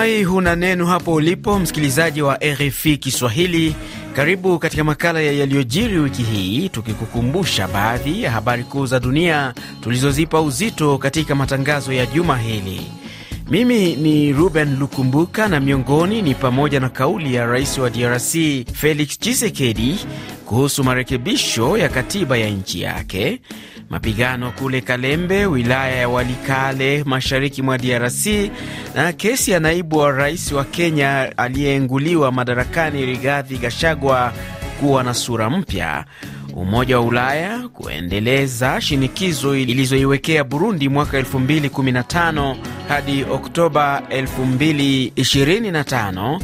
Natumai huna neno hapo ulipo, msikilizaji wa RFI Kiswahili. Karibu katika makala ya yaliyojiri wiki hii, tukikukumbusha baadhi ya habari kuu za dunia tulizozipa uzito katika matangazo ya juma hili. Mimi ni Ruben Lukumbuka na miongoni ni pamoja na kauli ya rais wa DRC Felix Tshisekedi kuhusu marekebisho ya katiba ya nchi yake, mapigano kule Kalembe, wilaya ya Walikale, mashariki mwa DRC, na kesi ya naibu wa rais wa Kenya aliyeenguliwa madarakani Rigathi Gachagua kuwa na sura mpya. Umoja wa Ulaya kuendeleza shinikizo ilizoiwekea Burundi mwaka 2015 hadi Oktoba 2025.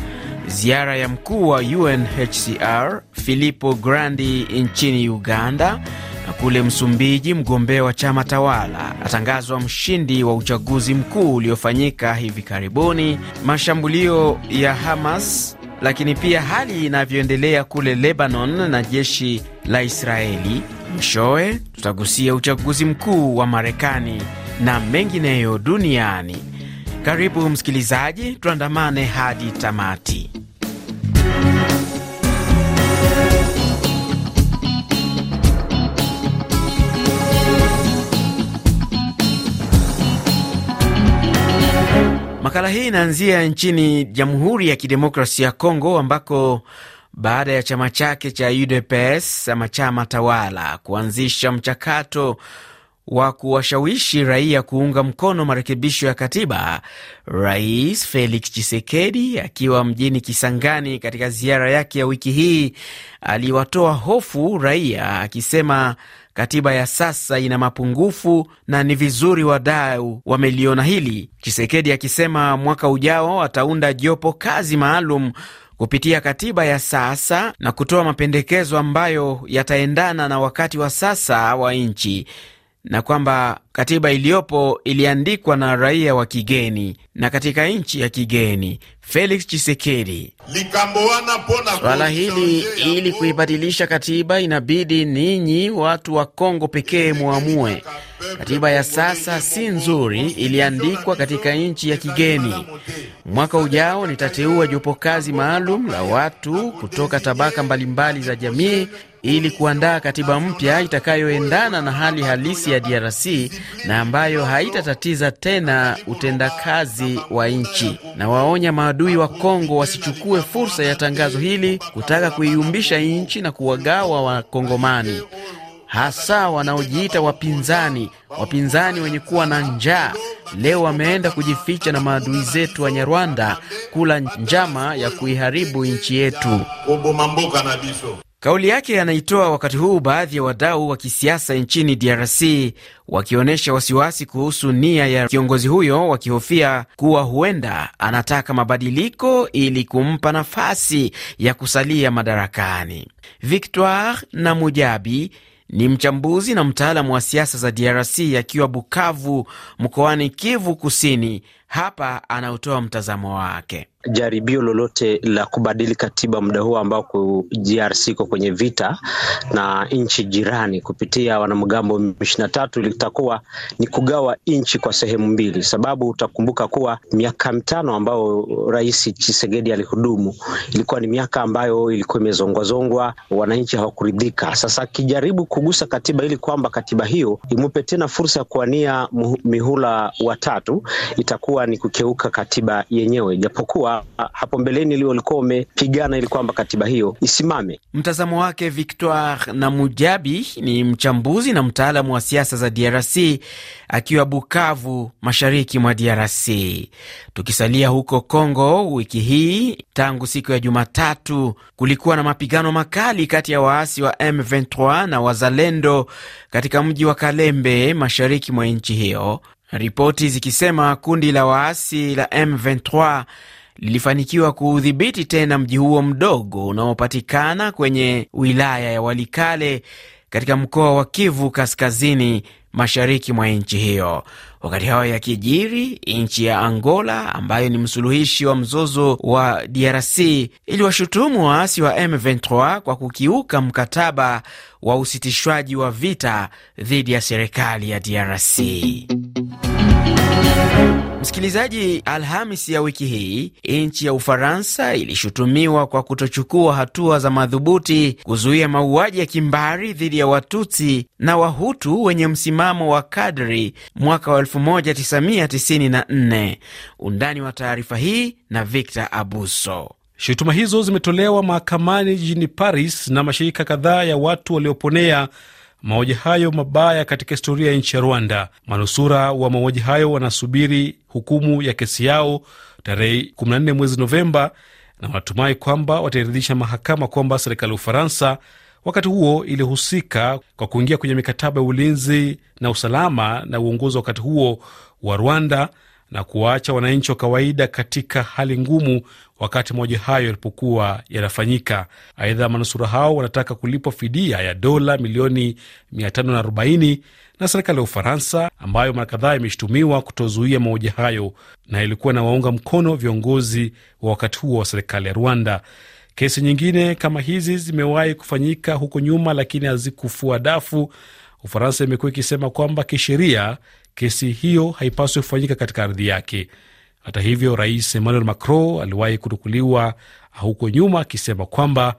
Ziara ya mkuu wa UNHCR Filippo Grandi nchini Uganda na kule Msumbiji, mgombea wa chama tawala atangazwa mshindi wa uchaguzi mkuu uliofanyika hivi karibuni. Mashambulio ya Hamas lakini pia hali inavyoendelea kule Lebanon na jeshi la Israeli. Mwishowe tutagusia uchaguzi mkuu wa Marekani na mengineyo duniani. Karibu msikilizaji, tuandamane hadi tamati. Makala hii inaanzia nchini Jamhuri ya Kidemokrasia ya Kongo ambako baada ya chama chake cha UDPS ama chama tawala kuanzisha mchakato wa kuwashawishi raia kuunga mkono marekebisho ya katiba, Rais Felix Tshisekedi akiwa mjini Kisangani katika ziara yake ya wiki hii aliwatoa hofu raia akisema Katiba ya sasa ina mapungufu na ni vizuri wadau wameliona hili, Chisekedi akisema mwaka ujao ataunda jopo kazi maalum kupitia katiba ya sasa na kutoa mapendekezo ambayo yataendana na wakati wa sasa wa nchi na kwamba katiba iliyopo iliandikwa na raia wa kigeni na katika nchi ya kigeni. Felix Chisekedi. Swala hili ili kuibadilisha katiba, inabidi ninyi watu wa Kongo pekee muamue. Katiba ya sasa si nzuri, iliandikwa katika nchi ya kigeni. Mwaka ujao nitateua jopo kazi maalum la watu kutoka tabaka mbalimbali za jamii ili kuandaa katiba mpya itakayoendana na hali halisi ya DRC na ambayo haitatatiza tena utendakazi wa nchi. Nawaonya maadui wa Kongo wasichukue fursa ya tangazo hili kutaka kuiumbisha nchi na kuwagawa Wakongomani, hasa wanaojiita wapinzani, wapinzani wenye kuwa na njaa. Leo wameenda kujificha na maadui zetu wa Nyarwanda kula njama ya kuiharibu nchi yetu. Kauli yake anaitoa wakati huu baadhi ya wadau wa kisiasa nchini DRC wakionyesha wasiwasi kuhusu nia ya kiongozi huyo, wakihofia kuwa huenda anataka mabadiliko ili kumpa nafasi ya kusalia madarakani. Victoire na Mujabi ni mchambuzi na mtaalamu wa siasa za DRC akiwa Bukavu mkoani Kivu Kusini, hapa anautoa mtazamo wake. Jaribio lolote la kubadili katiba muda huu ambao DRC iko kwenye vita na nchi jirani kupitia wanamgambo M23 litakuwa ni kugawa nchi kwa sehemu mbili, sababu utakumbuka kuwa miaka mitano ambayo Rais chisegedi alihudumu ilikuwa ni miaka ambayo ilikuwa imezongwazongwa, wananchi hawakuridhika. Sasa akijaribu kugusa katiba ili kwamba katiba hiyo imupe tena fursa ya kuwania mihula watatu itakuwa ni kukeuka katiba yenyewe, ijapokuwa hapo mbeleni ilio walikuwa wamepigana ili kwamba katiba hiyo isimame. Mtazamo wake Victoire Namujabi ni mchambuzi na mtaalamu wa siasa za DRC akiwa Bukavu, mashariki mwa DRC. Tukisalia huko congo wiki hii tangu siku ya Jumatatu kulikuwa na mapigano makali kati ya waasi wa M23 na wazalendo katika mji wa Kalembe, mashariki mwa nchi hiyo, ripoti zikisema kundi la waasi la M23 lilifanikiwa kuudhibiti tena mji huo mdogo unaopatikana kwenye wilaya ya Walikale katika mkoa wa Kivu Kaskazini, mashariki mwa nchi hiyo. Wakati hayo yakijiri, nchi ya Angola ambayo ni msuluhishi wa mzozo wa DRC iliwashutumu waasi wa M23 kwa kukiuka mkataba wa usitishwaji wa vita dhidi ya serikali ya DRC. Msikilizaji, Alhamis ya wiki hii nchi ya Ufaransa ilishutumiwa kwa kutochukua hatua za madhubuti kuzuia mauaji ya kimbari dhidi ya Watutsi na Wahutu wenye msimamo wa kadri mwaka wa 1994. Undani wa taarifa hii na Victor Abuso. Shutuma hizo zimetolewa mahakamani jijini Paris na mashirika kadhaa ya watu walioponea mauaji hayo mabaya katika historia ya nchi ya Rwanda. Manusura wa mauaji hayo wanasubiri hukumu ya kesi yao tarehe 14 mwezi Novemba, na wanatumai kwamba watairidhisha mahakama kwamba serikali ya Ufaransa wakati huo ilihusika kwa kuingia kwenye mikataba ya ulinzi na usalama na uongozi wakati huo wa Rwanda na kuwaacha wananchi wa kawaida katika hali ngumu wakati maoji hayo yalipokuwa yanafanyika. Aidha, manusura hao wanataka kulipwa fidia ya dola milioni 540 na serikali ya Ufaransa ambayo mara kadhaa imeshutumiwa kutozuia mauaji hayo na ilikuwa inawaunga mkono viongozi wa wakati huo wa serikali ya Rwanda. Kesi nyingine kama hizi zimewahi kufanyika huko nyuma, lakini hazikufua dafu. Ufaransa imekuwa ikisema kwamba kisheria kesi hiyo haipaswi kufanyika katika ardhi yake. Hata hivyo, rais Emmanuel Macron aliwahi kunukuliwa huko nyuma akisema kwamba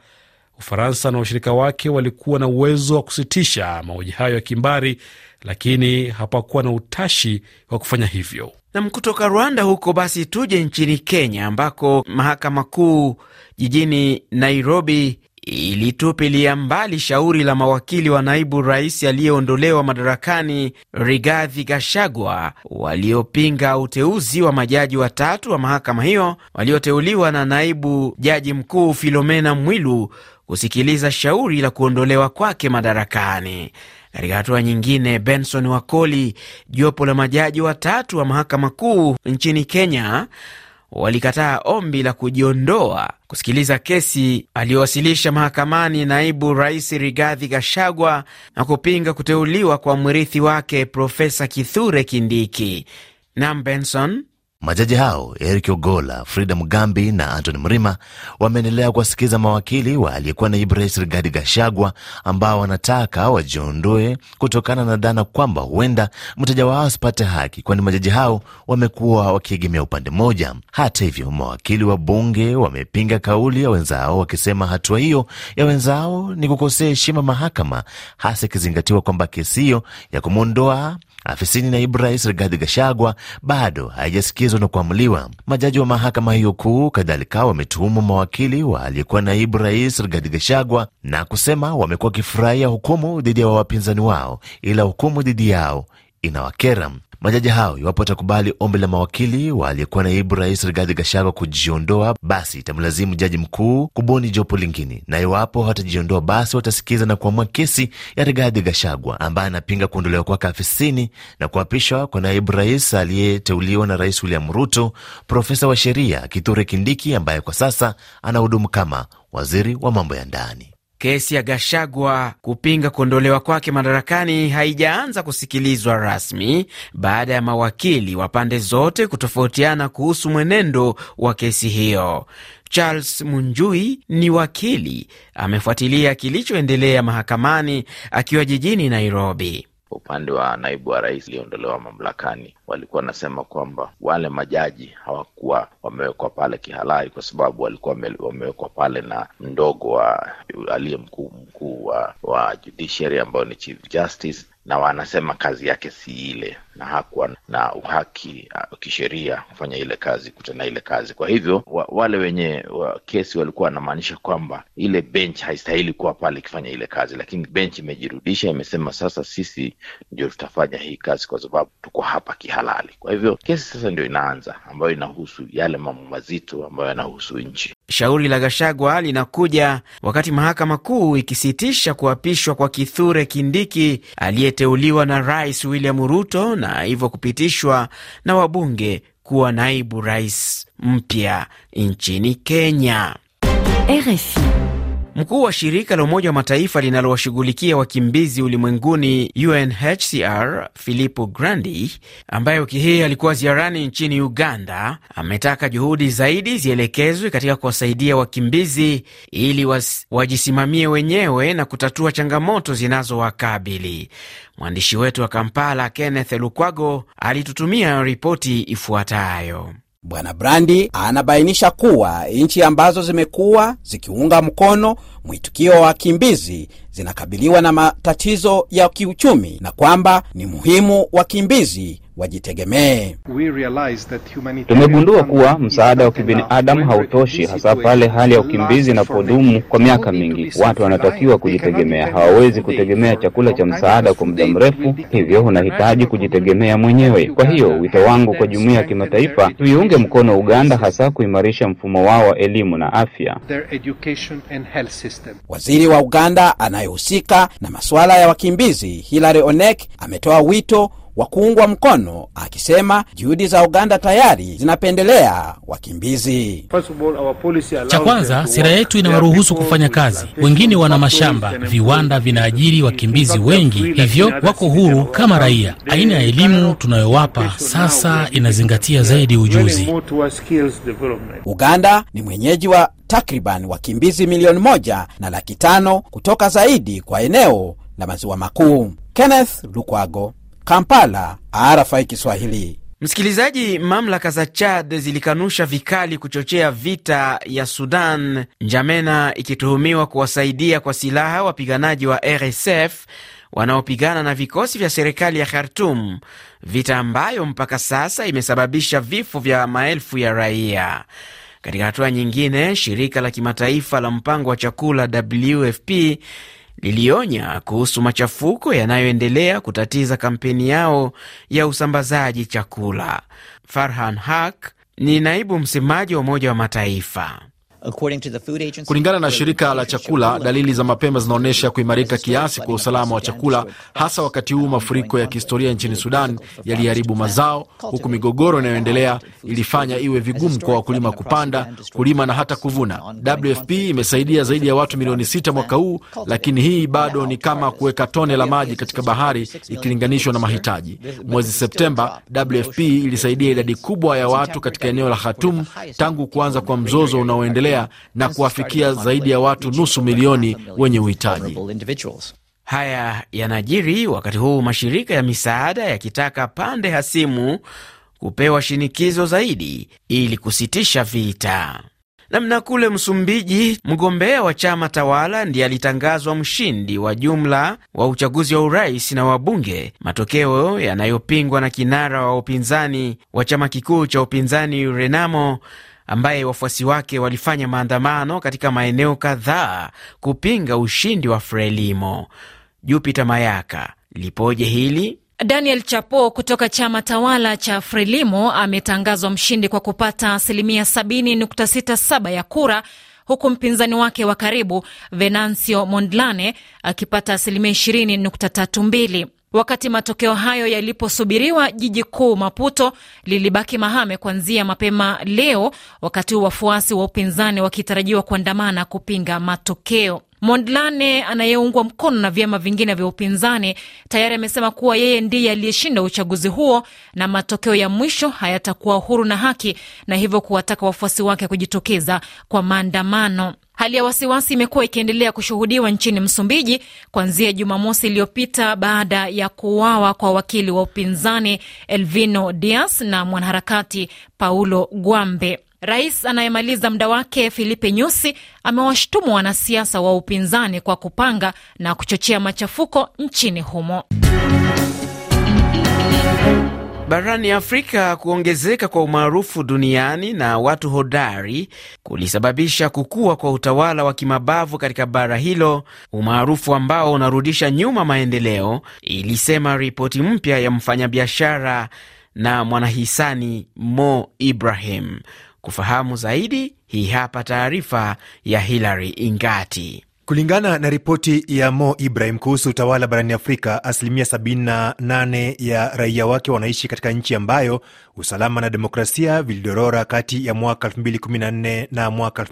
Ufaransa na washirika wake walikuwa na uwezo wa kusitisha mauaji hayo ya kimbari, lakini hapakuwa na utashi wa kufanya hivyo. Nam, kutoka Rwanda huko basi tuje nchini Kenya, ambako mahakama kuu jijini Nairobi ilitupilia mbali shauri la mawakili wa naibu rais aliyeondolewa madarakani Rigathi Gashagwa waliopinga uteuzi wa majaji watatu wa mahakama hiyo walioteuliwa na naibu jaji mkuu Filomena Mwilu kusikiliza shauri la kuondolewa kwake madarakani. Katika hatua nyingine, Benson Wakoli, jopo la majaji watatu wa mahakama kuu nchini Kenya walikataa ombi la kujiondoa kusikiliza kesi aliyowasilisha mahakamani naibu rais Rigathi Gachagua na kupinga kuteuliwa kwa mrithi wake Profesa Kithure Kindiki. Nam Benson, Majaji hao Eric Ogola, Frida Mugambi na Anthony Mrima wameendelea kuwasikiza mawakili wa aliyekuwa naibu rais Rigathi Gachagua ambao wanataka wajiondoe kutokana na dhana kwamba huenda mteja wao asipate haki, kwani majaji hao wamekuwa wakiegemea upande mmoja. Hata hivyo, mawakili wa bunge wamepinga kauli ya wenzao wakisema hatua hiyo ya wenzao ni kukosea heshima mahakama, hasa ikizingatiwa kwamba kesi hiyo ya kumwondoa Afisini naibu rais Rigathi Gachagua bado haijasikizwa na kuamuliwa. Majaji wa mahakama hiyo kuu kadhalika wametuhumu mawakili wa aliyekuwa naibu rais Rigathi Gachagua na kusema wamekuwa wakifurahia hukumu dhidi ya wapinzani wao, ila hukumu dhidi yao inawakera. Majaji hao, iwapo watakubali ombi la mawakili aliyekuwa naibu rais Rigathi Gachagua kujiondoa, basi itamlazimu jaji mkuu kubuni jopo lingine, na iwapo hawatajiondoa, basi watasikiza na kuamua kesi ya Rigathi Gachagua ambaye anapinga kuondolewa kwake afisini na kuapishwa kwa naibu rais aliyeteuliwa na Rais William Ruto, profesa wa sheria Kithure Kindiki ambaye kwa sasa anahudumu kama waziri wa mambo ya ndani. Kesi ya Gashagwa kupinga kuondolewa kwake madarakani haijaanza kusikilizwa rasmi baada ya mawakili wa pande zote kutofautiana kuhusu mwenendo wa kesi hiyo. Charles Munjui ni wakili, amefuatilia kilichoendelea mahakamani akiwa jijini Nairobi upande wa naibu wa rais aliyeondolewa mamlakani walikuwa wanasema kwamba wale majaji hawakuwa wamewekwa pale kihalali, kwa sababu walikuwa wamewekwa pale na mdogo wa aliye mkuu mkuu wa, wa judiciary ambayo ni chief justice, na wanasema kazi yake si ile, na hakuwa na uhaki uh, kisheria kufanya ile kazi, kutenda ile kazi. Kwa hivyo wa, wale wenye wa, kesi walikuwa wanamaanisha kwamba ile bench haistahili kuwa pale ikifanya ile kazi, lakini bench imejirudisha, imesema sasa sisi ndio tutafanya hii kazi kwa sababu tuko hapa kihalali. Kwa hivyo kesi sasa ndio inaanza ambayo inahusu yale mambo mazito ambayo yanahusu nchi. Shauri la Gashagwa linakuja wakati mahakama kuu ikisitisha kuapishwa kwa Kithure Kindiki aliyeteuliwa na Rais William Ruto na hivyo kupitishwa na wabunge kuwa naibu rais mpya nchini Kenya. RFI. Mkuu wa shirika la Umoja wa Mataifa linalowashughulikia wakimbizi ulimwenguni UNHCR Filippo Grandi, ambaye wiki hii alikuwa ziarani nchini Uganda, ametaka juhudi zaidi zielekezwe katika kuwasaidia wakimbizi ili was, wajisimamie wenyewe na kutatua changamoto zinazowakabili. Mwandishi wetu wa Kampala Kenneth Lukwago alitutumia ripoti ifuatayo. Bwana Brandi anabainisha kuwa nchi ambazo zimekuwa zikiunga mkono mwitikio wa wakimbizi zinakabiliwa na matatizo ya kiuchumi na kwamba ni muhimu wakimbizi wajitegemee. Tumegundua kuwa msaada wa uh, kibinadamu hautoshi, hasa pale hali ya ukimbizi inapodumu kwa miaka mingi. Watu wanatakiwa kujitegemea, hawawezi kutegemea chakula cha msaada kwa muda mrefu, hivyo unahitaji kujitegemea mwenyewe. Kwa hiyo wito wangu kwa jumuiya ya kimataifa, tuiunge mkono Uganda, hasa kuimarisha mfumo wao wa elimu na afya. Waziri wa Uganda anayehusika na masuala ya wakimbizi Hilary Onek ametoa wito wa kuungwa mkono, akisema juhudi za Uganda tayari zinapendelea wakimbizi. Cha kwanza, sera yetu inawaruhusu kufanya kazi. Wengine wana mashamba, viwanda vinaajiri wakimbizi wengi, hivyo wako huru kama raia. Aina ya elimu tunayowapa sasa inazingatia zaidi ujuzi. Uganda ni mwenyeji wa takriban wakimbizi milioni moja na laki tano kutoka zaidi kwa eneo la maziwa makuu. Kenneth Lukwago, Kampala, RFI Kiswahili. Msikilizaji, mamlaka za Chad zilikanusha vikali kuchochea vita ya Sudan, Njamena ikituhumiwa kuwasaidia kwa silaha wapiganaji wa RSF wanaopigana na vikosi vya serikali ya Khartum, vita ambayo mpaka sasa imesababisha vifo vya maelfu ya raia. Katika hatua nyingine, shirika la kimataifa la mpango wa chakula WFP lilionya kuhusu machafuko yanayoendelea kutatiza kampeni yao ya usambazaji chakula. Farhan Haq ni naibu msemaji wa Umoja wa Mataifa. Kulingana na shirika la chakula, dalili za mapema zinaonyesha kuimarika kiasi kwa usalama wa chakula, hasa wakati huu mafuriko ya kihistoria nchini Sudan yaliharibu mazao, huku migogoro inayoendelea ilifanya iwe vigumu kwa wakulima kupanda, kulima na hata kuvuna. WFP imesaidia zaidi ya watu milioni sita mwaka huu, lakini hii bado ni kama kuweka tone la maji katika bahari ikilinganishwa na mahitaji. Mwezi Septemba, WFP ilisaidia idadi kubwa ya watu katika eneo la Khartoum tangu kuanza kwa mzozo unaoendelea kuendelea na kuwafikia zaidi ya watu nusu milioni wenye uhitaji. Haya yanajiri wakati huu mashirika ya misaada yakitaka pande hasimu kupewa shinikizo zaidi ili kusitisha vita. Namna kule Msumbiji, mgombea wa chama tawala ndiye alitangazwa mshindi wa jumla wa uchaguzi wa urais na wabunge, matokeo yanayopingwa na kinara wa upinzani wa chama kikuu cha upinzani Renamo ambaye wafuasi wake walifanya maandamano katika maeneo kadhaa kupinga ushindi wa Frelimo. jupita Mayaka, lipoje hili? Daniel Chapo kutoka chama tawala cha Frelimo ametangazwa mshindi kwa kupata asilimia 70.67 ya kura huku mpinzani wake wa karibu Venancio Mondlane akipata asilimia 20.32. Wakati matokeo hayo yaliposubiriwa, jiji kuu Maputo lilibaki mahame kuanzia mapema leo, wakati huu wafuasi wa upinzani wakitarajiwa kuandamana kupinga matokeo. Mondlane anayeungwa mkono na vyama vingine vya upinzani tayari amesema kuwa yeye ndiye aliyeshinda uchaguzi huo na matokeo ya mwisho hayatakuwa huru na haki, na hivyo kuwataka wafuasi wake kujitokeza kwa maandamano. Hali ya wasiwasi imekuwa ikiendelea kushuhudiwa nchini Msumbiji kuanzia Jumamosi iliyopita baada ya kuuawa kwa wakili wa upinzani Elvino Dias na mwanaharakati Paulo Guambe. Rais anayemaliza muda wake Filipe Nyusi amewashtumu wanasiasa wa upinzani kwa kupanga na kuchochea machafuko nchini humo. Barani Afrika, kuongezeka kwa umaarufu duniani na watu hodari kulisababisha kukua kwa utawala wa kimabavu katika bara hilo, umaarufu ambao unarudisha nyuma maendeleo, ilisema ripoti mpya ya mfanyabiashara na mwanahisani Mo Ibrahim. Kufahamu zaidi, hii hapa taarifa ya Hilary Ingati. Kulingana na ripoti ya Mo Ibrahim kuhusu utawala barani Afrika, asilimia 78 ya raia wake wanaishi katika nchi ambayo usalama na demokrasia vilidorora kati ya mwaka 2014 na mwaka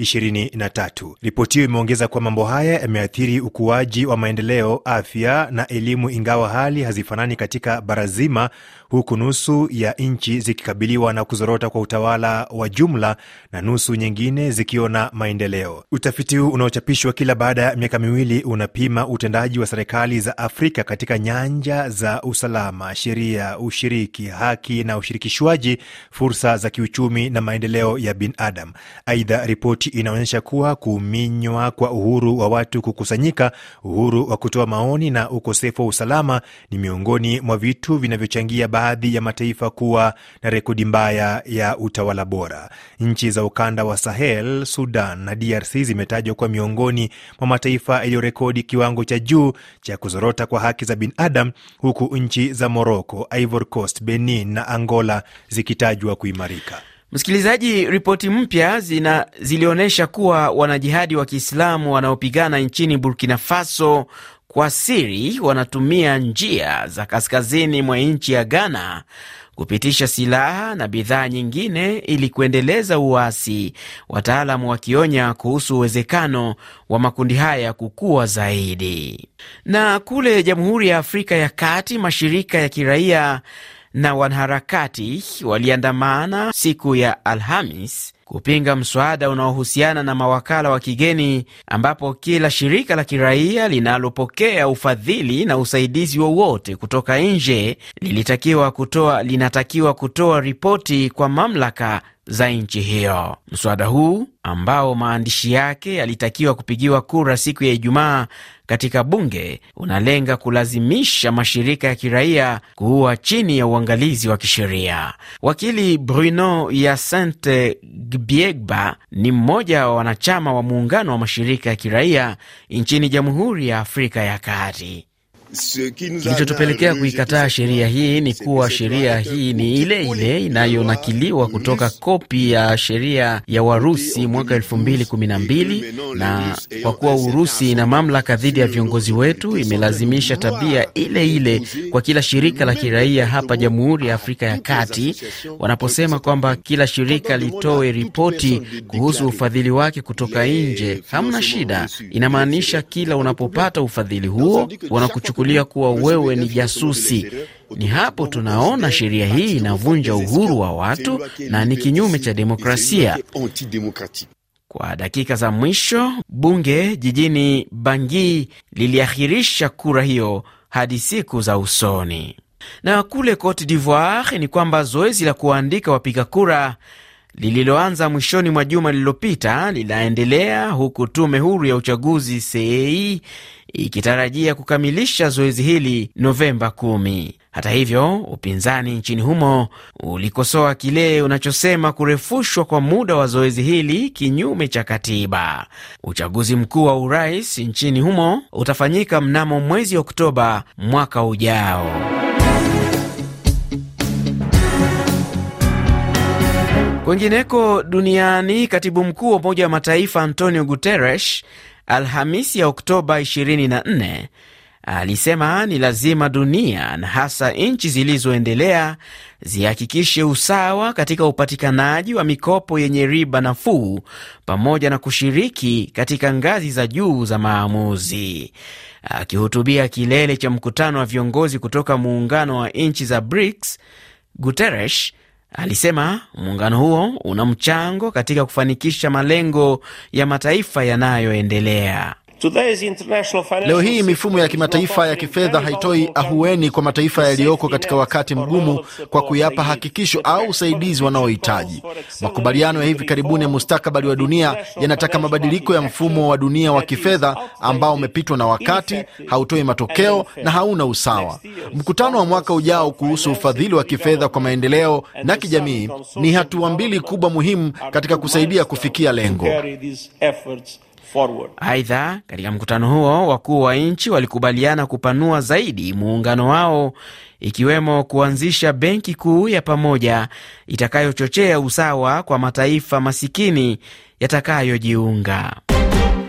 2023. Ripoti hiyo imeongeza kuwa mambo haya yameathiri ukuaji wa maendeleo, afya na elimu, ingawa hali hazifanani katika bara zima, huku nusu ya nchi zikikabiliwa na kuzorota kwa utawala wa jumla na nusu nyingine zikiona maendeleo. Utafiti huu unaochapishwa kila baada ya miaka miwili unapima utendaji wa serikali za Afrika katika nyanja za usalama, sheria, ushiriki, haki na ushirikishwaji, fursa za kiuchumi na maendeleo ya binadamu. Aidha, ripoti nchi inaonyesha kuwa kuminywa kwa uhuru wa watu kukusanyika, uhuru wa kutoa maoni na ukosefu wa usalama ni miongoni mwa vitu vinavyochangia baadhi ya mataifa kuwa na rekodi mbaya ya utawala bora. Nchi za ukanda wa Sahel, Sudan na DRC zimetajwa kuwa miongoni mwa mataifa yaliyorekodi kiwango cha juu cha kuzorota kwa haki za binadamu, huku nchi za Moroko, Ivory Coast, Benin na Angola zikitajwa kuimarika. Msikilizaji, ripoti mpya zilionyesha kuwa wanajihadi wa Kiislamu wanaopigana nchini Burkina Faso kwa siri wanatumia njia za kaskazini mwa nchi ya Ghana kupitisha silaha na bidhaa nyingine ili kuendeleza uasi, wataalamu wakionya kuhusu uwezekano wa makundi haya kukua zaidi. Na kule Jamhuri ya Afrika ya Kati, mashirika ya kiraia na wanaharakati waliandamana siku ya Alhamis kupinga mswada unaohusiana na mawakala wa kigeni, ambapo kila shirika la kiraia linalopokea ufadhili na usaidizi wowote kutoka nje lilitakiwa kutoa linatakiwa kutoa ripoti kwa mamlaka za nchi hiyo. Mswada huu ambao maandishi yake yalitakiwa kupigiwa kura siku ya Ijumaa katika bunge unalenga kulazimisha mashirika ya kiraia kuwa chini ya uangalizi wa kisheria. Wakili Bruno Yacente Gbiegba ni mmoja wa wanachama wa muungano wa mashirika ya kiraia nchini Jamhuri ya Afrika ya Kati. Kilichotupelekea kuikataa sheria hii ni kuwa sheria hii ni ile ile inayonakiliwa kutoka kopi ya sheria ya Warusi mwaka 212 na na kwa kuwa Urusi ina mamlaka dhidi ya viongozi wetu, imelazimisha tabia ile ile kwa kila shirika la kiraia hapa Jamhuri ya Afrika ya Kati, wanaposema kwamba kila shirika litoe ripoti kuhusu ufadhili wake kutoka nje. Hamna shida, inamaanisha kila unapopata ufadhili huo wanakuchukua kuchukulia kuwa wewe ni jasusi. Ni hapo tunaona sheria hii inavunja uhuru wa watu na ni kinyume cha demokrasia. Kwa dakika za mwisho, bunge jijini Bangui liliahirisha kura hiyo hadi siku za usoni. Na kule Cote d'Ivoire ni kwamba zoezi la kuwaandika wapiga kura lililoanza mwishoni mwa juma lililopita linaendelea huku tume huru ya uchaguzi CEI ikitarajia kukamilisha zoezi hili Novemba 1 Hata hivyo, upinzani nchini humo ulikosoa kile unachosema kurefushwa kwa muda wa zoezi hili kinyume cha katiba. Uchaguzi mkuu wa urais nchini humo utafanyika mnamo mwezi Oktoba mwaka ujao. Kwengineko duniani, katibu mkuu wa Umoja wa Mataifa Antonio Guterres Alhamisi ya Oktoba 24 alisema ni lazima dunia na hasa nchi zilizoendelea zihakikishe usawa katika upatikanaji wa mikopo yenye riba nafuu pamoja na kushiriki katika ngazi za juu za maamuzi. Akihutubia kilele cha mkutano wa viongozi kutoka muungano wa nchi za BRICS, Guterres Alisema muungano huo una mchango katika kufanikisha malengo ya mataifa yanayoendelea. Leo hii mifumo ya kimataifa ya kifedha haitoi ahueni kwa mataifa yaliyoko katika wakati mgumu kwa kuyapa hakikisho au usaidizi wanaohitaji. Makubaliano ya hivi karibuni ya mustakabali wa dunia yanataka mabadiliko ya mfumo wa dunia wa kifedha ambao umepitwa na wakati, hautoi matokeo na hauna usawa. Mkutano wa mwaka ujao kuhusu ufadhili wa kifedha kwa maendeleo na kijamii ni hatua mbili kubwa muhimu katika kusaidia kufikia lengo. Aidha, katika mkutano huo wakuu wa nchi walikubaliana kupanua zaidi muungano wao, ikiwemo kuanzisha benki kuu ya pamoja itakayochochea usawa kwa mataifa masikini yatakayojiunga.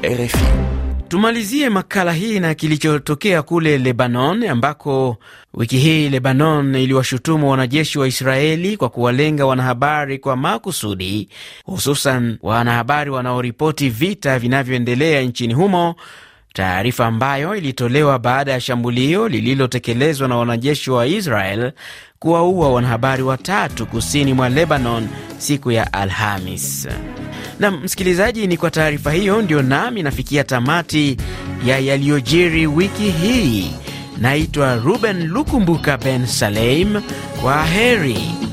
RFI Tumalizie makala hii na kilichotokea kule Lebanon, ambako wiki hii Lebanon iliwashutumu wanajeshi wa Israeli kwa kuwalenga wanahabari kwa makusudi, hususan wanahabari wanaoripoti vita vinavyoendelea nchini humo, taarifa ambayo ilitolewa baada ya shambulio lililotekelezwa na wanajeshi wa Israel kuwaua wanahabari watatu kusini mwa Lebanon siku ya Alhamis. Na msikilizaji, ni kwa taarifa hiyo ndio nami nafikia tamati ya yaliyojiri wiki hii. Naitwa Ruben Lukumbuka Ben Salem, kwa heri.